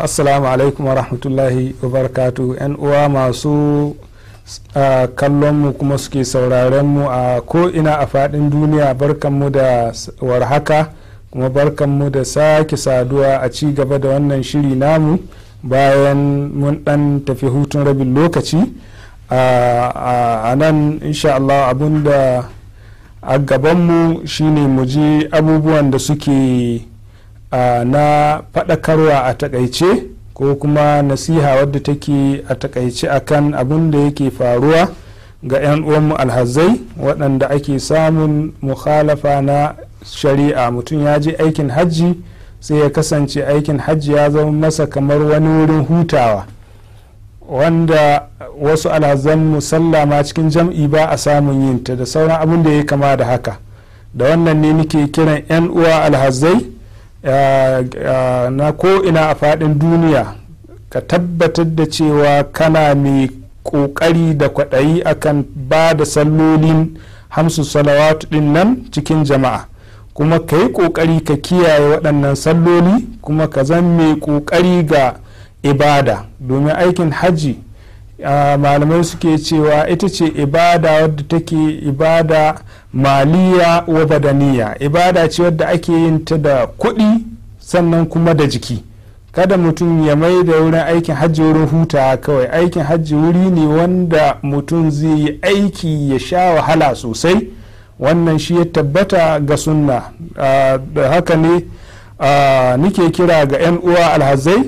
assalamu alaikum wa rahmatullahi wa barakatu yan uwa masu kallon mu kuma suke sauraren mu a ko'ina a faɗin duniya barkanmu da warhaka kuma barkanmu da sake saduwa a ci gaba da wannan shiri namu bayan mun dan tafi hutun rabin lokaci a nan insha Allah abinda a gabanmu shine muje abubuwan da suke na faɗakarwa a takaice ko kuma nasiha wadda take a takaice akan abin da yake faruwa ga 'yan uwanmu alhazai waɗanda ake samun mukhalafa na shari'a mutum ya je aikin hajji sai ya kasance aikin hajji ya zama masa kamar wani wurin hutawa wanda wasu alhazan musalla ma cikin jam'i ba a samun yinta da sauran abin da ya kama da haka da wannan ne nake kiran 'yan uwa alhazai na ko'ina a faɗin duniya ka tabbatar da cewa kana mai ƙoƙari da kwaɗayi akan ba da sallolin hamsu salawatu ɗin nan cikin jama'a kuma ka yi ƙoƙari ka kiyaye waɗannan salloli kuma ka zan mai ƙoƙari ga ibada domin aikin hajji Ah, malamai suke cewa ita ce ibada wadda take ibada maliya wa badaniya ibada ce wadda ake yin ta da kuɗi sannan kuma da jiki kada mutum ya mai da wurin aikin hajji wurin huta kawai aikin hajji wuri ne wanda mutum zai yi aiki ya sha wahala sosai wannan shi ya tabbata ga sunna ah, da haka ne ah, nike kira ga 'yan uwa alhazai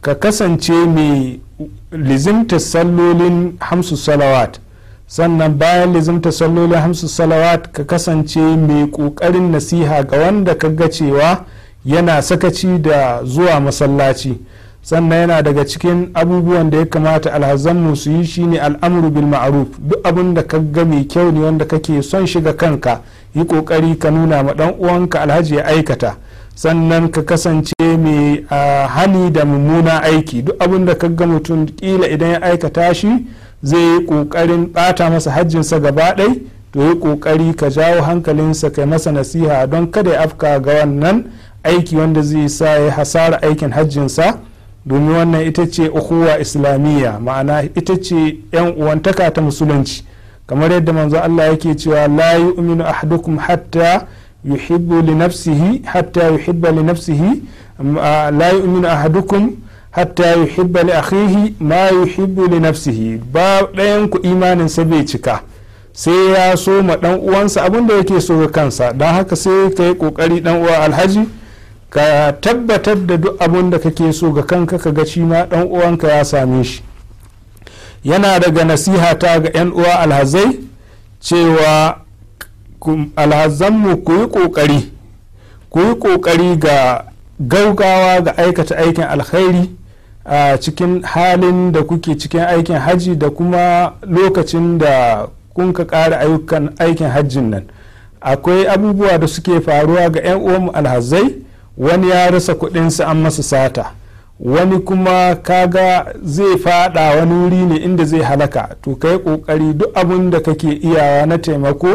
ka kasance mai lizimta sallolin hamsu salawat sannan bayan lizimta sallolin hamsu salawat ka kasance mai ƙoƙarin nasiha ga wanda ka ga cewa yana sakaci da zuwa masallaci sannan yana daga cikin abubuwan da ya kamata alhazanmu su yi shine al'amuru bil ma'ruf duk abin da ka ga mai kyau ne wanda kake son shiga kanka yi kokari ka nuna ma dan uwanka alhaji ya aikata sannan ka kasance mai hali da mummuna aiki duk abin da ga mutum kila idan ya aikata shi zai yi kokarin bata masa hajjinsa gaba ɗai to yi kokari ka jawo hankalinsa kai masa nasiha don kada ya afka ga wannan aiki wanda zai sa ya hasara aikin hajjinsa domin wannan ita ce ukuwa islamiyya ma'ana ita ce 'yan uwantaka ta musulunci kamar yadda manzo Allah yake cewa la yu'minu ahadukum hatta yuhibbu li nafsihi hatta yuhibba li nafsihi la yu'minu ahadukum hatta yuhibba li akhihi ma yuhibbu li nafsihi ba ɗayan ku imanin sa bai cika sai ya soma ma dan uwansa abunda yake so ga kansa don haka sai ka yi kokari dan uwa alhaji ka tabbatar da duk abin da kake so ga kanka ka ga shi ma dan uwanka ya same shi yana daga nasiha ta ga yan uwa alhazai cewa alhazanmu ku yi ƙoƙari ku yi ƙoƙari ga gaugawa ga aikata aikin alkhairi a cikin halin da kuke cikin aikin hajji da kuma lokacin da kun ka ƙara ayyukan aikin hajjin nan akwai abubuwa da suke faruwa ga 'yan uwanmu alhazai wani ya rasa kuɗinsa an masa sata wani kuma kaga zai fada wani wuri ne inda zai halaka to kai kokari duk abin da kake iyawa na taimako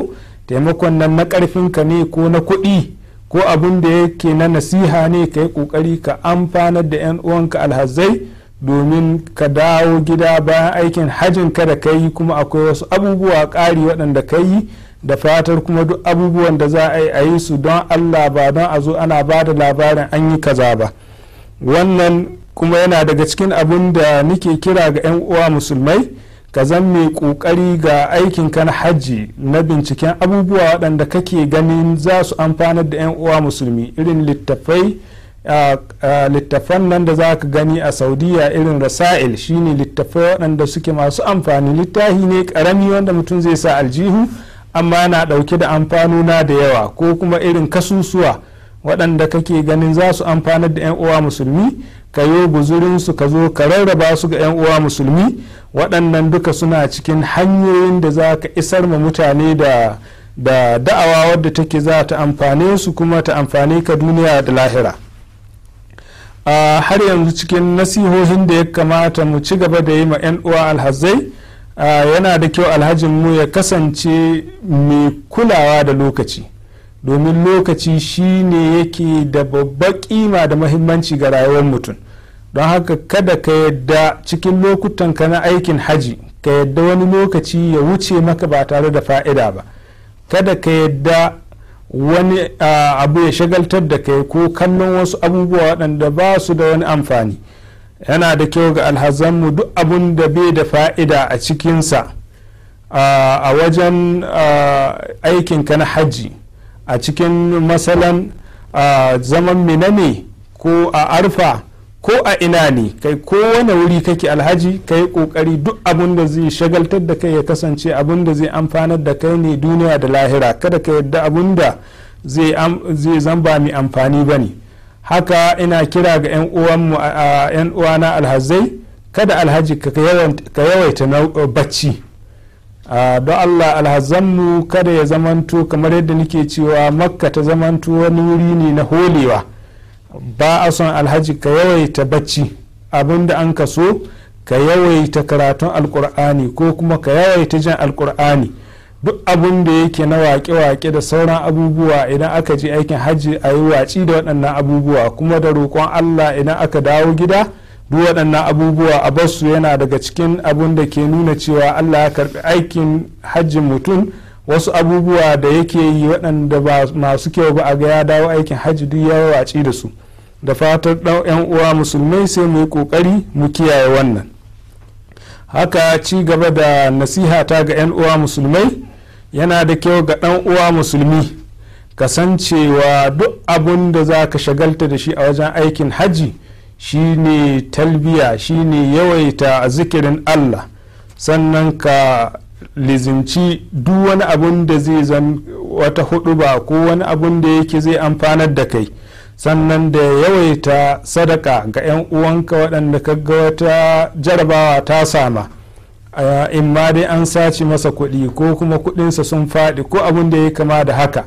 taimakon nan na ƙarfinka ne ko na kuɗi ko abin da yake na nasiha ne ka yi ƙoƙari ka amfanar da 'yan uwanka alhazai domin ka dawo gida bayan aikin hajin ka da ka yi kuma akwai wasu abubuwa ƙari waɗanda ka yi da fatar kuma duk abubuwan da za a yi a yi su don allah ba don a zo ana ba da labarin an yi kaza ba wannan kuma yana daga cikin abin da nike kira ga 'yan uwa musulmai ka zan mai kokari ga aikin kan hajji na binciken abubuwa waɗanda kake ganin za su amfanar da 'yan uwa musulmi irin littafai littafan nan da za ka gani a saudiya irin rasa'il shine littafai waɗanda suke masu amfani littafi ne karami wanda mutum zai sa aljihu amma na ɗauke da amfanuna da yawa ko kuma irin kasusuwa waɗanda kake ganin za su amfanar da 'yan uwa musulmi ka yi guzurinsu ka zo ka rarraba su ga 'yan uwa musulmi waɗannan duka suna cikin hanyoyin da za ka isar ma mutane da da da'awa wadda take za ta amfane su kuma ta amfane ka duniya da lahira a har yanzu cikin nasihohin da ya kamata mu ci gaba da yi ma 'yan uwa alhazai yana da kyau alhajin mu ya kasance mai kulawa da lokaci domin lokaci shine yake da babbar kima da mahimmanci ga rayuwar mutum don haka kada ka yadda cikin lokutan ka na aikin haji ka yadda wani lokaci ya wuce maka ba tare da fa'ida ba kada ka yadda wani abu ya shagaltar da kai ko kallon wasu abubuwa waɗanda ba su da wani amfani yana da kyau ga alhazanmu duk abun da bai da fa'ida a cikinsa a wajen aikin ka na haji a cikin masalan zaman minane ko a arfa ko a ina ne kai kowane wuri kake alhaji kayi kokari duk abun da zai shagaltar da kai ya kasance abun da zai amfanar da kai ne duniya da lahira kada ka yarda abun da zai zamba mai amfani ba ne haka ina kira ga 'yan uwana alhazai kada alhaji ka yawaita na uh, bacci don allah alhazanmu kada ya zamanto kamar yadda nake cewa makka ta zamanto wani wuri ne na holewa. ba a son alhaji ka yawaita bacci abinda an ka so ka yawaita karatun alkur'ani ko kuma ka yawaita jan alkur'ani duk abin da yake na waƙe-waƙe da sauran abubuwa idan aka je aikin hajji a yi waci da waɗannan abubuwa kuma da roƙon allah idan aka dawo gida duk waɗannan abubuwa a basu yana daga cikin abin da ke nuna cewa allah ya karɓi aikin hajjin mutum wasu abubuwa da yake yi waɗanda ba masu kyau ba a ga ya dawo aikin hajji duk ya watsi da su da fatar yan uwa musulmai sai mu yi kokari mu kiyaye wannan haka ci gaba da nasiha ta ga yan uwa musulmai yana da kyau ga dan uwa musulmi kasancewa duk abun da za ka shagalta da shi a wajen aikin hajji shine talbiya shine yawaita zikirin allah sannan ka lizinci duk wani abun da zai zan wata hudu ko wani abun da yake zai amfanar da kai sannan da yawaita sadaka ga 'yan uwanka waɗanda ka ga wata jarabawa ta sama in ma dai an sace masa kuɗi ko kuma kuɗinsa sun faɗi ko abin da ya kama da haka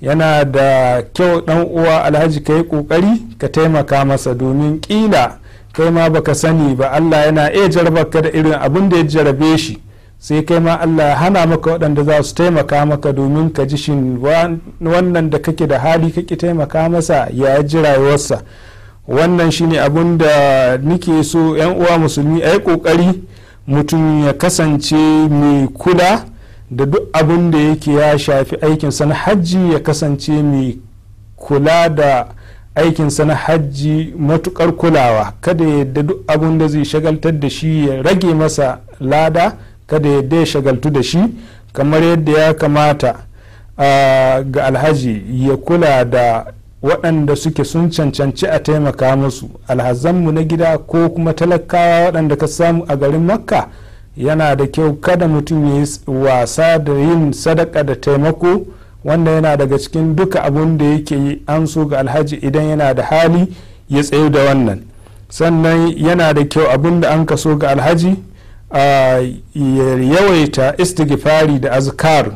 yana da kyau ɗan uwa alhaji ka yi ƙoƙari ka taimaka masa domin ƙila kai ma baka sani ba allah yana iya jarabarka da irin abin da ya jarabe shi sai kai ma Allah ya hana maka waɗanda za su taimaka maka domin ka ji shin wannan da kake da hali kake taimaka masa ya ji rayuwarsa wannan shine abun da nike so 'yan uwa musulmi a yi ƙoƙari mutum ya kasance mai kula da duk abun da yake ya shafi aikin sana hajji ya kasance mai kula da aikin sana hajji matukar kulawa kada ya yadda duk abun da zai shagaltar da shi ya rage masa lada kada yadda ya shagaltu da shi kamar yadda ya kamata ga alhaji ya kula da waɗanda suke sun cancanci a taimaka musu alhazanmu na gida ko kuma talakawa waɗanda ka samu a garin makka yana da kyau kada mutum ya yi wasa da yin sadaka da taimako wanda yana daga cikin duka abun da yake yi an so ga alhaji idan yana da hali ya tsayu da wannan sannan yana da kyau abun da an kaso ga alhaji yawaita istighfari da azkar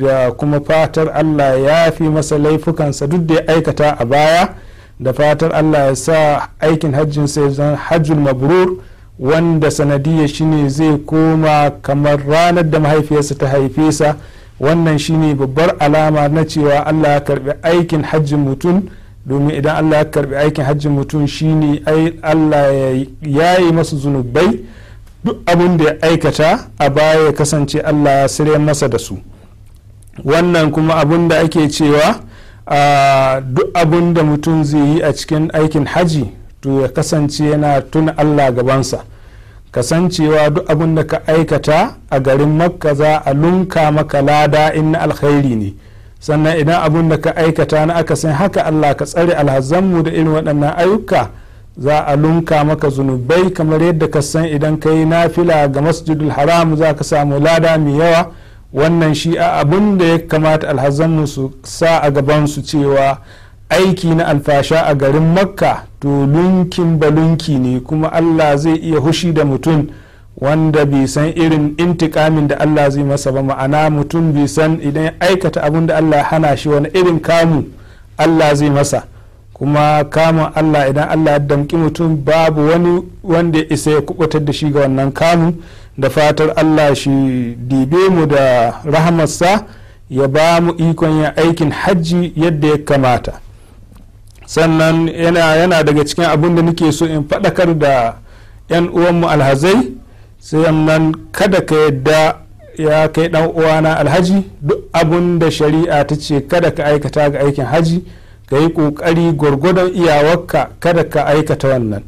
da kuma fatar allah ya fi masa laifukansa duk da ya aikata a baya da fatar allah ya sa aikin hajjin sai zan hajjul mabrur wanda sanadiyya shine zai koma kamar ranar da mahaifiyarsa ta haife sa wannan shine babbar alama na cewa allah ya karbi aikin hajjin mutum domin idan allah ya karbi aikin hajjin mutum shine allah ya yi masa zunubai duk abin da ya aikata a baya ya kasance allah ya sire masa da su wannan kuma abin da ake cewa duk abin da mutum zai yi a cikin aikin haji to ya kasance yana tuna allah gabansa kasancewa duk abin da ka aikata a garin makka za a lunka maka lada in na alkhairi ne sannan idan abin da ka aikata na akasin haka allah ka tsare alhazanmu da irin waɗannan ayyuka za a lunka maka zunubai kamar yadda ka san idan ka yi nafila ga masjidul haram za ka samu lada mai yawa wannan shi a abin da ya kamata alhazanmu su sa a gaban su cewa aiki na alfasha a garin makka to lunkin balunki ne kuma allah zai iya hushi da mutum wanda bai san irin intikamin da allah zai masa ba ma'ana mutum bai san idan ya aikata abin da allah hana shi wani irin kamu allah zai masa kuma kamun allah idan allah ya damƙi mutum babu wani wanda ya isa ya kubutar da shi ga wannan kamun da fatar allah shi dibe mu da rahamarsa ya ba mu ikon yin aikin hajji yadda ya kamata sannan yana daga cikin abin da nake so in faɗakar da 'yan uwanmu alhazai sannan kada ka yadda ya kai ɗan uwana alhaji duk abin da shari'a ta ce kada ka aikata ga aikin haji ka yi ƙoƙari gwargwadon iyawarka kada ka aikata wannan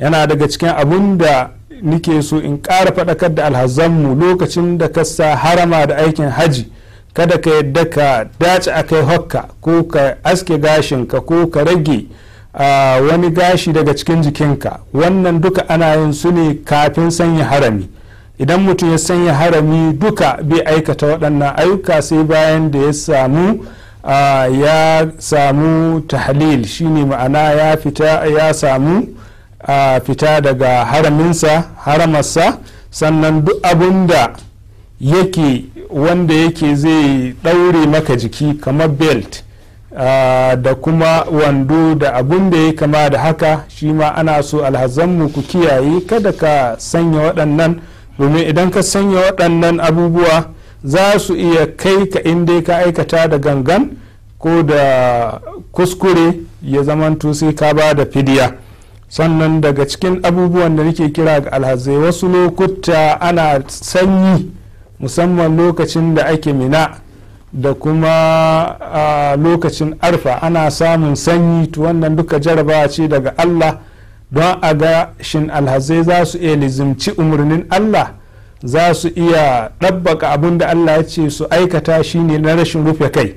yana daga cikin abun da nike so in ƙara faɗakar da alhazanmu lokacin da ka sa harama da aikin haji kada ka yadda ka dace a kai hokka ko ka aske gashinka ko ka rage wani gashi daga cikin jikinka wannan duka ana yin su ne kafin sanya harami idan mutum ya sanya harami duka bai aikata waɗannan ayyuka sai bayan da ya samu ya samu tahlil shine ma'ana ya fita ya samu fita daga haraminsa haramarsa sannan duk abunda da yake wanda yake zai ɗaure maka jiki kamar belt da kuma wando da abun da ya kama da haka shi ma ana so alhazanmu ku kiyaye kada ka sanya waɗannan domin idan ka sanya waɗannan abubuwa za su iya kai ka inda ka aikata da gangan ko da kuskure ya zamanto sai ka ba da fidiya sannan daga cikin abubuwan da nake kira ga alhazai wasu lokuta ana sanyi musamman lokacin da ake mina da kuma a lokacin arfa ana samun sanyi to wannan duka jarabawa ce daga allah don a ga shin alhazai za su iya lizimci umarnin allah za su iya ɗabbaka abin da allah ya ce su aikata shine na rashin rufe kai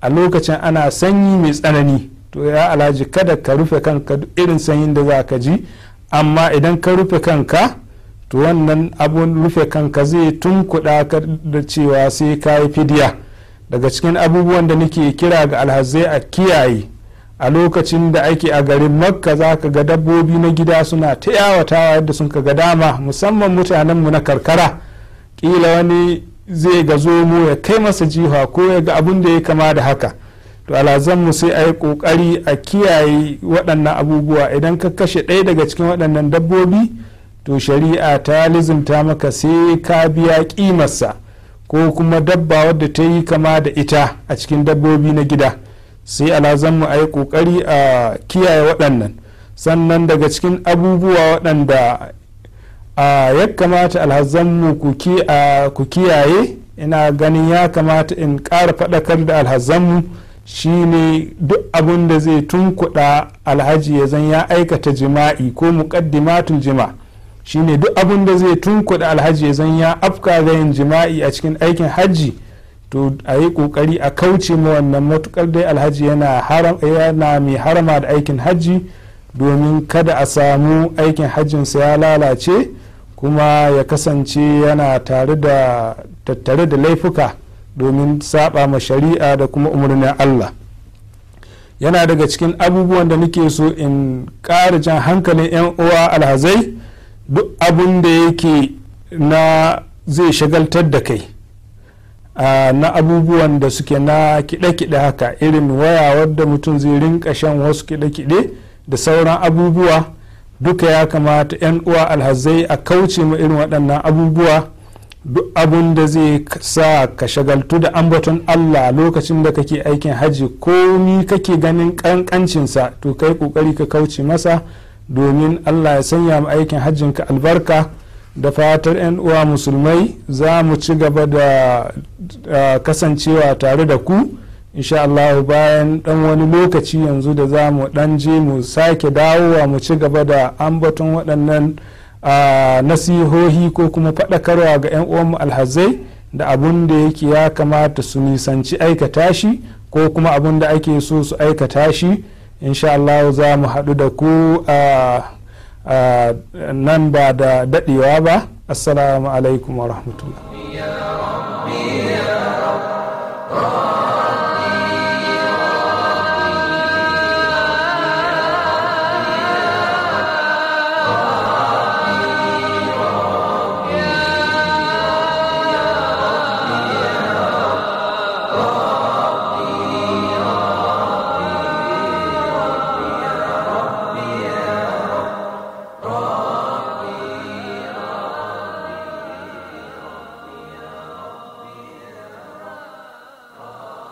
a lokacin ana sanyi mai tsanani to ya alhaji kada ka rufe kanka irin sanyin da za ka ji amma idan ka rufe kanka to wannan abun rufe kanka zai tunkuɗa ka da cewa sai ka yi fidiya daga cikin abubuwan da nake kira ga alhazai a kiyaye a lokacin da ake a garin makka za ka ga dabbobi na gida suna ta yawatawa yadda sun ka ga dama musamman mutanenmu na karkara kila wani zai ga zomo ya kai masa jiha ko ya ga abun da ya kama da haka to alazanmu sai a yi ƙoƙari a kiyaye waɗannan abubuwa idan ka kashe ɗaya daga cikin waɗannan dabbobi to shari'a ta lizinta maka sai ka biya ƙimarsa ko kuma dabba wadda ta yi kama da ita a cikin dabbobi na gida. sai mu a yi ƙoƙari a kiyaye waɗannan sannan daga cikin abubuwa waɗanda ya kamata alhazan mu ku kiyaye ina ganin ya kamata in ƙara faɗakar da alhazan shi shine duk abin da zai tunkuɗa alhaji ya zan ya aikata jima'i ko muƙaddimatun jima shine duk abin da zai tunkuɗa alhaji ya zan ya afka ga yin jima'i a cikin aikin hajji to a yi kokari a kauce ma wannan matukar dai alhaji yana yana mai harama da aikin hajji domin kada a samu aikin hajjinsa ya lalace kuma ya kasance yana tare da tattare da laifuka domin saba ma shari'a da kuma umarnin allah yana daga cikin abubuwan da nake so in ƙara jan hankalin 'yan uwa alhazai duk abun da yake na zai shagaltar da kai na abubuwan da suke na kiɗe-kiɗe haka irin waya wadda mutum zai rinka shan wasu kiɗe-kiɗe da sauran abubuwa duka ya kamata 'yan uwa alhazai a kauce ma irin waɗannan abubuwa duk abun da zai sa ka shagaltu da ambaton allah lokacin da kake aikin hajji ko ni kake ganin kankancinsa to kai ƙoƙari ka kauce masa domin allah ya sanya ma aikin hajjinka albarka da fatar 'yan uwa musulmai za mu ci gaba da kasancewa tare da ku Allah bayan dan wani lokaci yanzu da za mu dan je mu sake dawowa mu ci gaba da ambaton waɗannan nasihohi ko kuma faɗakarwa ga 'yan uwanmu alhazai da abun da yake ya kamata su nisanci aikata shi ko kuma abun da ake so su aikata shi Allah za mu haɗu da ku Ah, nan ba da dadewa ba assalamu alaikum wa rahmatullah